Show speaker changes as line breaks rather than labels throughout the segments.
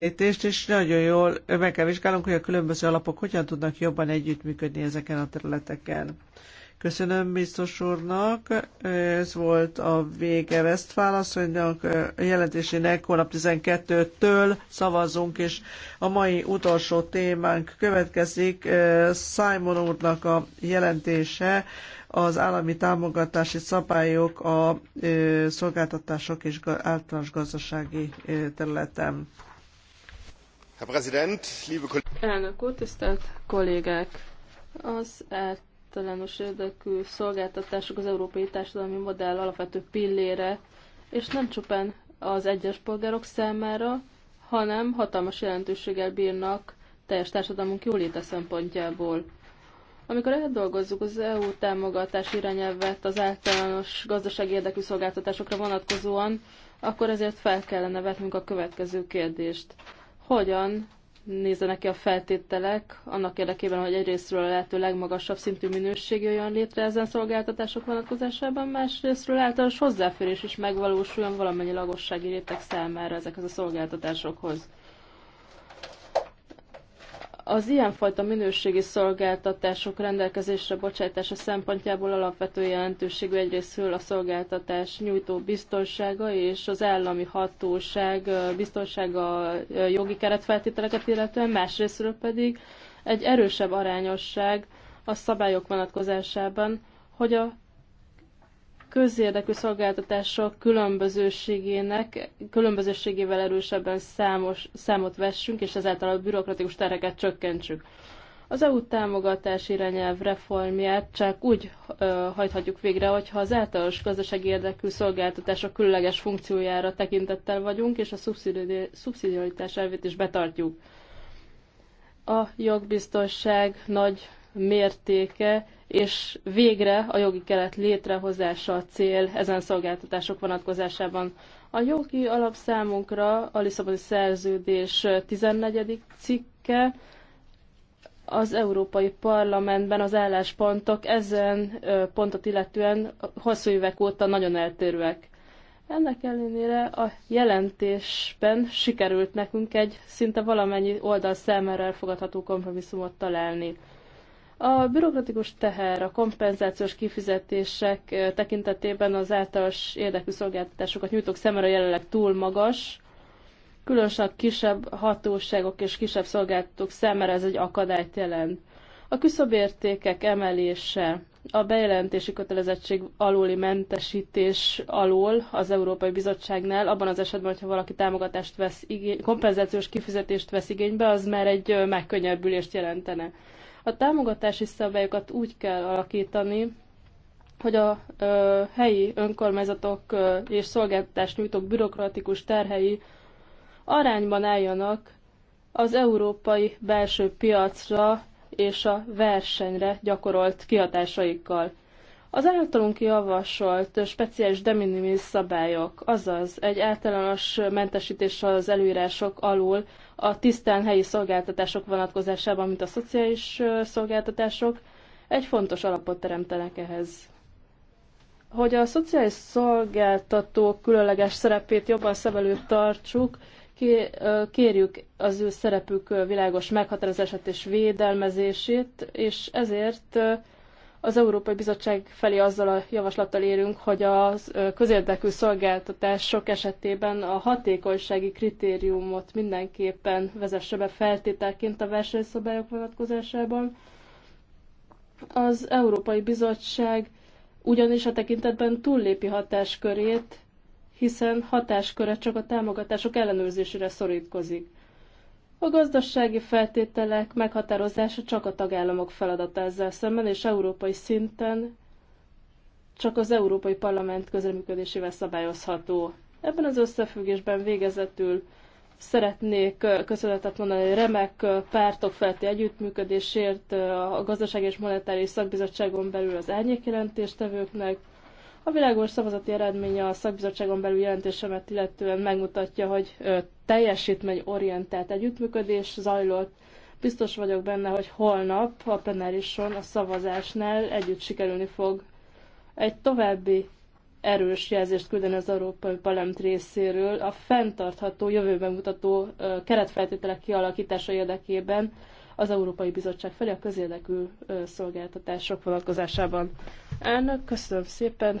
megközelítést, és nagyon jól meg kell vizsgálnunk, hogy a különböző alapok hogyan tudnak jobban együttműködni ezeken a területeken. Köszönöm biztos úrnak. Ez volt a vége Westfál asszonynak jelentésének. Holnap 12-től szavazunk, és a mai utolsó témánk következik. Simon úrnak a jelentése az állami támogatási szabályok a szolgáltatások és általános gazdasági területen.
Elnök úr, tisztelt kollégák! Az általános érdekű szolgáltatások az európai társadalmi modell alapvető pillére, és nem csupán az egyes polgárok számára, hanem hatalmas jelentőséggel bírnak teljes társadalmunk jóléte szempontjából. Amikor eldolgozzuk az EU támogatás irányelvet az általános gazdasági érdekű szolgáltatásokra vonatkozóan, akkor ezért fel kellene vetnünk a következő kérdést hogyan nézzenek ki a feltételek annak érdekében, hogy egyrésztről a lehető legmagasabb szintű minőség jöjjön létre ezen szolgáltatások vonatkozásában, másrésztről általános hozzáférés is megvalósuljon valamennyi lagossági réteg számára ezekhez a szolgáltatásokhoz. Az ilyenfajta minőségi szolgáltatások rendelkezésre bocsátása szempontjából alapvető jelentőségű egyrésztről a szolgáltatás nyújtó biztonsága és az állami hatóság biztonsága jogi keretfeltételeket illetően, másrésztről pedig egy erősebb arányosság a szabályok vonatkozásában, hogy a közérdekű szolgáltatások különbözőségének, különbözőségével erősebben számos, számot vessünk, és ezáltal a bürokratikus tereket csökkentsük. Az EU támogatás irányelv reformját csak úgy ö, hajthatjuk végre, hogyha az általános gazdasági érdekű szolgáltatások különleges funkciójára tekintettel vagyunk, és a szubszidiaritás elvét is betartjuk. A jogbiztonság nagy mértéke, és végre a jogi keret létrehozása a cél ezen szolgáltatások vonatkozásában. A jogi alap számunkra a Lisszaboni Szerződés 14. cikke, az Európai Parlamentben az álláspontok ezen pontot illetően hosszú évek óta nagyon eltérőek. Ennek ellenére a jelentésben sikerült nekünk egy szinte valamennyi oldal számára elfogadható kompromisszumot találni. A bürokratikus teher, a kompenzációs kifizetések tekintetében az általános érdekű szolgáltatásokat nyújtók szemére jelenleg túl magas, különösen a kisebb hatóságok és kisebb szolgáltatók szemére ez egy akadályt jelent. A küszöbértékek emelése, a bejelentési kötelezettség alóli mentesítés alól az Európai Bizottságnál, abban az esetben, hogyha valaki támogatást vesz, igény, kompenzációs kifizetést vesz igénybe, az már egy megkönnyebbülést jelentene. A támogatási szabályokat úgy kell alakítani, hogy a ö, helyi önkormányzatok ö, és szolgáltatást nyújtó bürokratikus terhei arányban álljanak az európai belső piacra és a versenyre gyakorolt kihatásaikkal. Az általunk javasolt speciális de minimis szabályok, azaz egy általános mentesítés az előírások alul a tisztán helyi szolgáltatások vonatkozásában, mint a szociális szolgáltatások, egy fontos alapot teremtenek ehhez. Hogy a szociális szolgáltatók különleges szerepét jobban szem előtt tartsuk, kérjük az ő szerepük világos meghatározását és védelmezését, és ezért az Európai Bizottság felé azzal a javaslattal érünk, hogy a közérdekű sok esetében a hatékonysági kritériumot mindenképpen vezesse be feltételként a versenyszabályok vonatkozásában. Az Európai Bizottság ugyanis a tekintetben túllépi hatáskörét, hiszen hatásköre csak a támogatások ellenőrzésére szorítkozik. A gazdasági feltételek meghatározása csak a tagállamok feladata ezzel szemben, és európai szinten csak az Európai Parlament közreműködésével szabályozható. Ebben az összefüggésben végezetül szeretnék köszönetet mondani remek pártok felti együttműködésért a gazdasági és Monetáris Szakbizottságon belül az árnyékjelentéstevőknek, a világos szavazati eredménye a szakbizottságon belül jelentésemet illetően megmutatja, hogy orientált együttműködés zajlott. Biztos vagyok benne, hogy holnap a plenárison a szavazásnál együtt sikerülni fog egy további erős jelzést küldeni az Európai Parlament részéről a fenntartható, jövőben mutató keretfeltételek kialakítása érdekében az Európai Bizottság felé a közérdekű szolgáltatások vonatkozásában. Elnök, köszönöm szépen,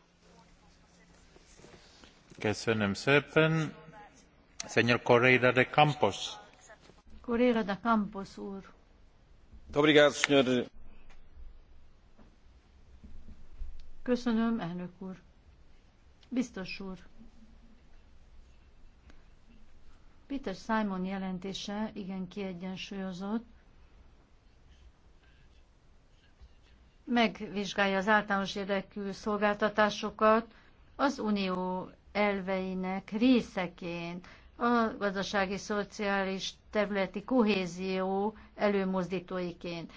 Köszönöm szépen. Señor de Campos.
de Campos úr. Köszönöm, elnök úr. Biztos úr. Peter Simon jelentése igen kiegyensúlyozott. Megvizsgálja az általános érdekű szolgáltatásokat az Unió elveinek részeként a gazdasági, szociális területi kohézió előmozdítóiként.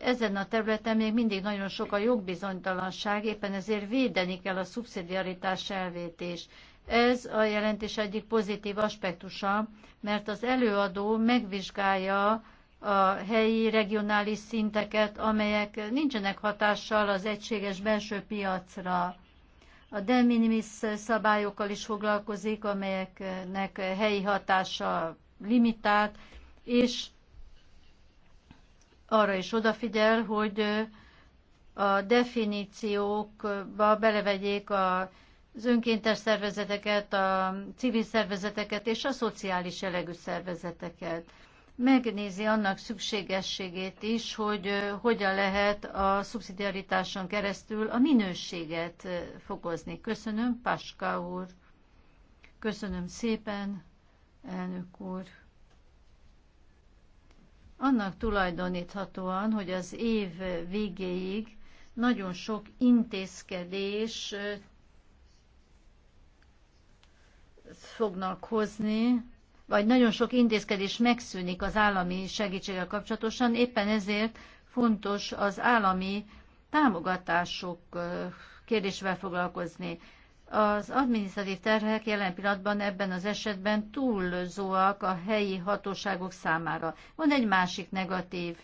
Ezen a területen még mindig nagyon sok a jogbizonytalanság, éppen ezért védeni kell a szubszidiaritás elvét is. Ez a jelentés egyik pozitív aspektusa, mert az előadó megvizsgálja a helyi, regionális szinteket, amelyek nincsenek hatással az egységes belső piacra a de minimis szabályokkal is foglalkozik, amelyeknek helyi hatása limitált, és arra is odafigyel, hogy a definíciókba belevegyék az önkéntes szervezeteket, a civil szervezeteket és a szociális elegű szervezeteket megnézi annak szükségességét is, hogy hogyan lehet a szubszidiaritáson keresztül a minőséget fokozni. Köszönöm, Paska úr. Köszönöm szépen, elnök úr. Annak tulajdoníthatóan, hogy az év végéig nagyon sok intézkedés fognak hozni, vagy nagyon sok intézkedés megszűnik az állami segítséggel kapcsolatosan, éppen ezért fontos az állami támogatások kérdésével foglalkozni. Az adminisztratív terhek jelen pillanatban ebben az esetben túlzóak a helyi hatóságok számára. Van egy másik negatív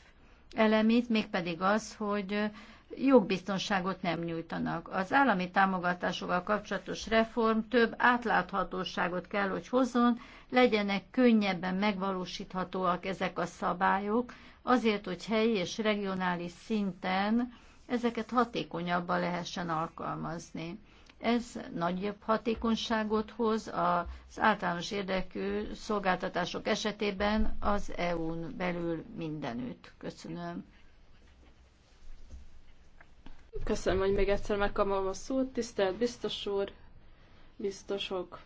elemét, mégpedig az, hogy jogbiztonságot nem nyújtanak. Az állami támogatásokkal kapcsolatos reform több átláthatóságot kell, hogy hozzon, legyenek könnyebben megvalósíthatóak ezek a szabályok, azért, hogy helyi és regionális szinten ezeket hatékonyabban lehessen alkalmazni. Ez nagyobb hatékonyságot hoz az általános érdekű szolgáltatások esetében az EU-n belül mindenütt. Köszönöm.
Köszönöm, hogy még egyszer megkapom a szót. Tisztelt biztos úr, biztosok.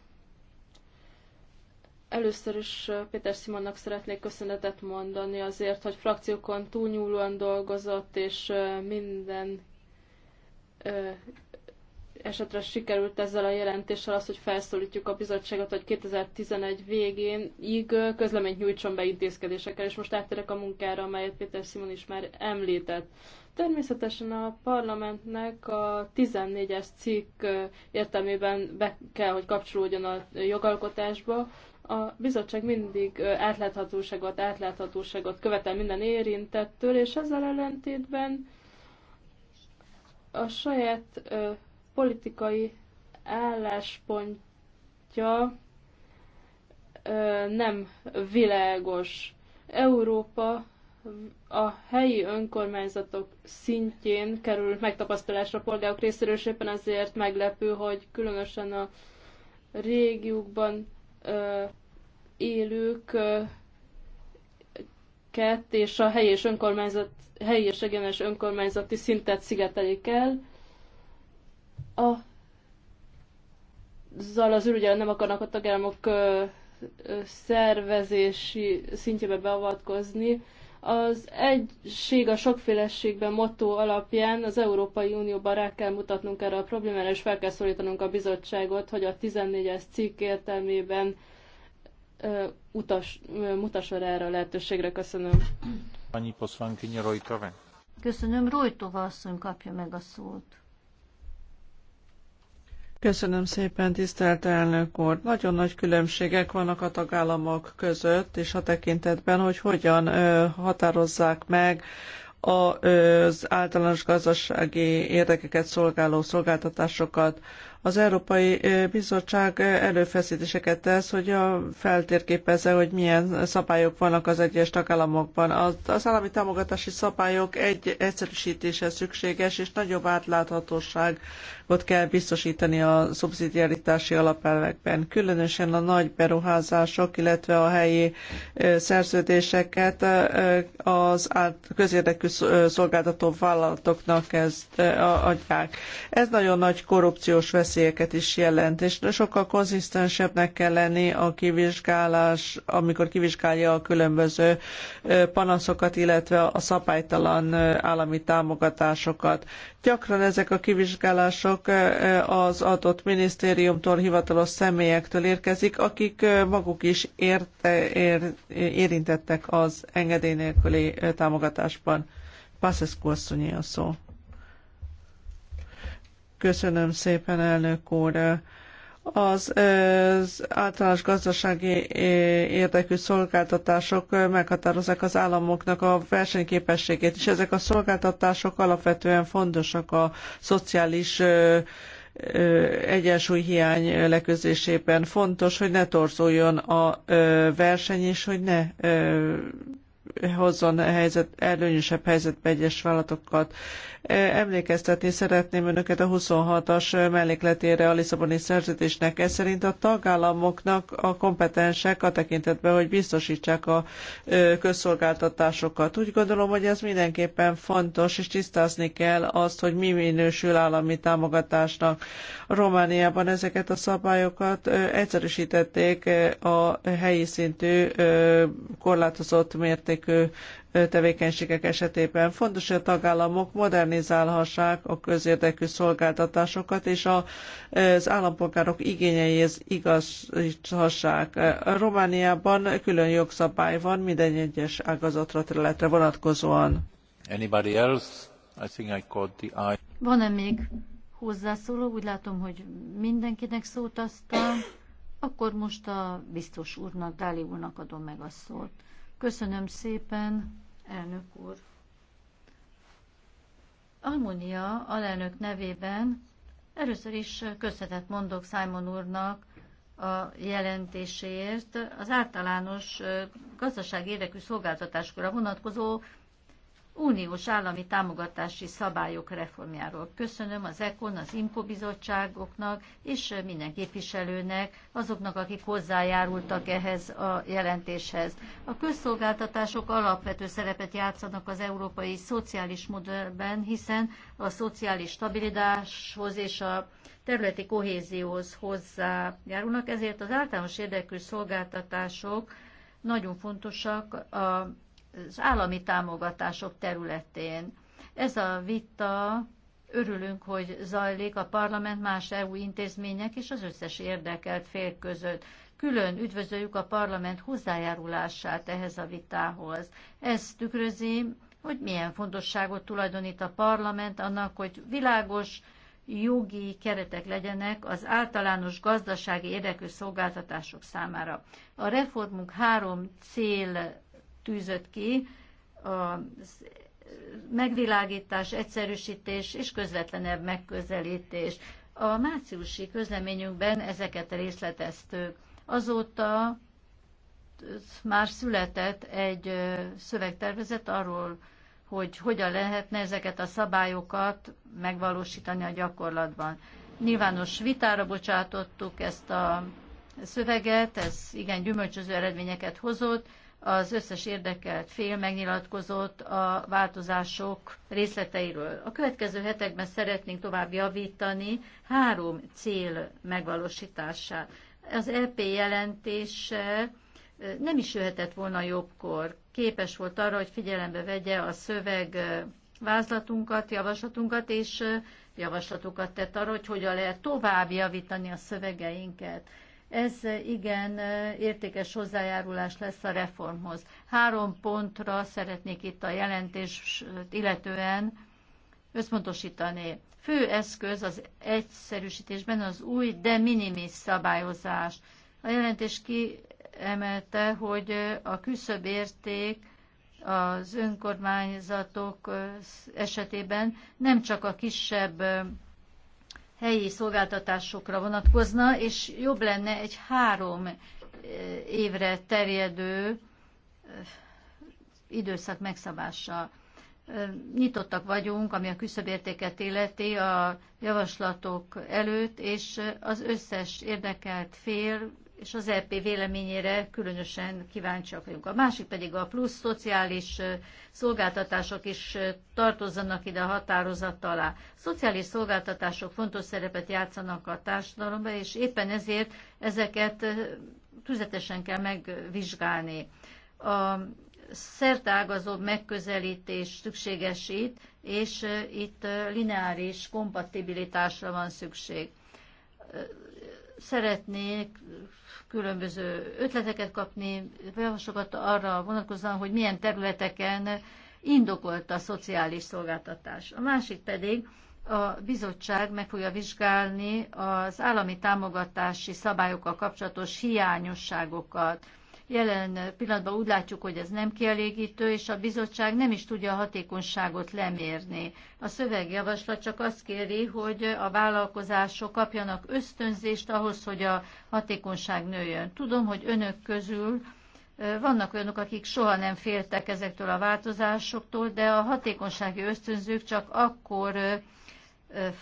Először is Péter Simonnak szeretnék köszönetet mondani azért, hogy frakciókon túlnyúlóan dolgozott, és minden esetre sikerült ezzel a jelentéssel az, hogy felszólítjuk a bizottságot, hogy 2011 végén így közleményt nyújtson be intézkedésekkel, és most átterek a munkára, amelyet Péter Simon is már említett. Természetesen a parlamentnek a 14-es cikk értelmében be kell, hogy kapcsolódjon a jogalkotásba. A bizottság mindig átláthatóságot, átláthatóságot követel minden érintettől, és ezzel ellentétben a saját politikai álláspontja nem világos. Európa a helyi önkormányzatok szintjén kerül megtapasztalásra a polgárok részéről, és éppen ezért meglepő, hogy különösen a régiókban élők ö, és a helyi és önkormányzat, helyi és egyenes önkormányzati szintet szigetelik el. A zal az ürügyel nem akarnak a tagállamok szervezési szintjébe beavatkozni. Az egység a sokféleségben motto alapján az Európai Unióban rá kell mutatnunk erre a problémára, és fel kell szólítanunk a bizottságot, hogy a 14-es cikk értelmében ö, utas, ö, rá erre a lehetőségre. Köszönöm.
Annyi poszvánkinyi
Köszönöm,
Rojtova asszony kapja meg a szót.
Köszönöm szépen, tisztelt elnök úr. Nagyon nagy különbségek vannak a tagállamok között, és a tekintetben, hogy hogyan határozzák meg az általános gazdasági érdekeket szolgáló szolgáltatásokat. Az Európai Bizottság előfeszítéseket tesz, hogy a feltérképezze, hogy milyen szabályok vannak az egyes tagállamokban. Az, állami támogatási szabályok egy egyszerűsítése szükséges, és nagyobb átláthatóságot kell biztosítani a szubszidiaritási alapelvekben. Különösen a nagy beruházások, illetve a helyi szerződéseket az közérdekű szolgáltató vállalatoknak ezt adják. Ez nagyon nagy korrupciós veszély veszélyeket is jelent, és sokkal konzisztensebbnek kell lenni a kivizsgálás, amikor kivizsgálja a különböző panaszokat, illetve a szabálytalan állami támogatásokat. Gyakran ezek a kivizsgálások az adott minisztériumtól, hivatalos személyektől érkezik, akik maguk is érte, ér, érintettek az engedély nélküli támogatásban. Pászeszkó asszonyé a szó. Köszönöm szépen, elnök úr. Az, az általános gazdasági érdekű szolgáltatások meghatározzák az államoknak a versenyképességét, és ezek a szolgáltatások alapvetően fontosak a szociális hiány leközésében. Fontos, hogy ne torzuljon a verseny, és hogy ne hozzon helyzet, előnyösebb helyzetbe egyes vállalatokat. E, emlékeztetni szeretném önöket a 26-as mellékletére a Lisszaboni szerződésnek. Ez szerint a tagállamoknak a kompetensek a tekintetben, hogy biztosítsák a közszolgáltatásokat. Úgy gondolom, hogy ez mindenképpen fontos, és tisztázni kell azt, hogy mi minősül állami támogatásnak. Romániában ezeket a szabályokat egyszerűsítették a helyi szintű korlátozott mérték értékű tevékenységek esetében. Fontos, hogy a tagállamok modernizálhassák a közérdekű szolgáltatásokat, és az állampolgárok igényeihez igazíthassák. Romániában külön jogszabály van minden egyes ágazatra, területre vonatkozóan. Anybody else? I think I caught the eye.
Van-e még hozzászóló? Úgy látom, hogy mindenkinek szót aztán. Akkor most a biztos úrnak, Dáli úrnak adom meg a szót. Köszönöm szépen, elnök úr. Almunia alelnök nevében először is köszönetet mondok Simon úrnak a jelentéséért. Az általános gazdaság érdekű szolgáltatáskora vonatkozó uniós állami támogatási szabályok reformjáról. Köszönöm az ECON, az IMCO bizottságoknak és minden képviselőnek, azoknak, akik hozzájárultak ehhez a jelentéshez. A közszolgáltatások alapvető szerepet játszanak az európai szociális modellben, hiszen a szociális stabilitáshoz és a területi kohézióhoz hozzájárulnak, ezért az általános érdekű szolgáltatások nagyon fontosak a az állami támogatások területén. Ez a vita örülünk, hogy zajlik a parlament más EU intézmények és az összes érdekelt fél között. Külön üdvözöljük a parlament hozzájárulását ehhez a vitához. Ez tükrözi, hogy milyen fontosságot tulajdonít a parlament annak, hogy világos jogi keretek legyenek az általános gazdasági érdekű szolgáltatások számára. A reformunk három cél tűzött ki a megvilágítás, egyszerűsítés és közvetlenebb megközelítés. A márciusi közleményünkben ezeket részleteztük. Azóta már született egy szövegtervezet arról, hogy hogyan lehetne ezeket a szabályokat megvalósítani a gyakorlatban. Nyilvános vitára bocsátottuk ezt a szöveget, ez igen gyümölcsöző eredményeket hozott, az összes érdekelt fél megnyilatkozott a változások részleteiről. A következő hetekben szeretnénk tovább javítani három cél megvalósítását. Az EP jelentése nem is jöhetett volna jobbkor. Képes volt arra, hogy figyelembe vegye a szöveg vázlatunkat, javaslatunkat, és javaslatokat tett arra, hogy hogyan lehet tovább javítani a szövegeinket. Ez igen értékes hozzájárulás lesz a reformhoz. Három pontra szeretnék itt a jelentést illetően összpontosítani. Fő eszköz az egyszerűsítésben az új de minimis szabályozás. A jelentés kiemelte, hogy a küszöbérték az önkormányzatok esetében nem csak a kisebb helyi szolgáltatásokra vonatkozna, és jobb lenne egy három eh, évre terjedő eh, időszak megszabása. Eh, nyitottak vagyunk, ami a küszöbértéket illeti a javaslatok előtt, és az összes érdekelt fél és az EP véleményére különösen kíváncsiak vagyunk. A másik pedig a plusz szociális szolgáltatások is tartozzanak ide a határozat alá. szociális szolgáltatások fontos szerepet játszanak a társadalomban, és éppen ezért ezeket tüzetesen kell megvizsgálni. A szertágazóbb megközelítés szükséges itt, és itt lineáris kompatibilitásra van szükség szeretnék különböző ötleteket kapni, javaslatokat arra vonatkozóan, hogy milyen területeken indokolt a szociális szolgáltatás. A másik pedig a bizottság meg fogja vizsgálni az állami támogatási szabályokkal kapcsolatos hiányosságokat, Jelen pillanatban úgy látjuk, hogy ez nem kielégítő, és a bizottság nem is tudja a hatékonyságot lemérni. A szövegjavaslat csak azt kéri, hogy a vállalkozások kapjanak ösztönzést ahhoz, hogy a hatékonyság nőjön. Tudom, hogy önök közül vannak olyanok, akik soha nem féltek ezektől a változásoktól, de a hatékonysági ösztönzők csak akkor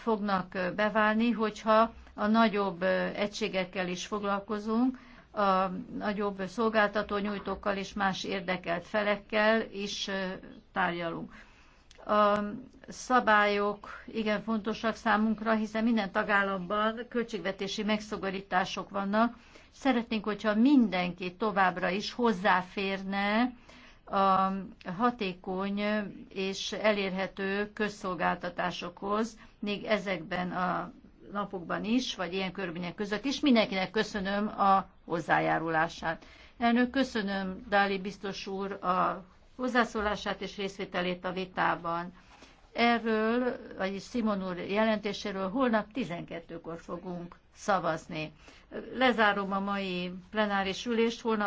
fognak beválni, hogyha a nagyobb egységekkel is foglalkozunk, a nagyobb szolgáltató nyújtókkal és más érdekelt felekkel is tárgyalunk. A szabályok igen fontosak számunkra, hiszen minden tagállamban költségvetési megszogorítások vannak. Szeretnénk, hogyha mindenki továbbra is hozzáférne a hatékony és elérhető közszolgáltatásokhoz, még ezekben a napokban is, vagy ilyen körülmények között is. Mindenkinek köszönöm a hozzájárulását. Elnök, köszönöm Dáli biztos úr a hozzászólását és részvételét a vitában. Erről, vagyis Simon úr jelentéséről holnap 12-kor fogunk szavazni. Lezárom a mai plenáris ülést, holnap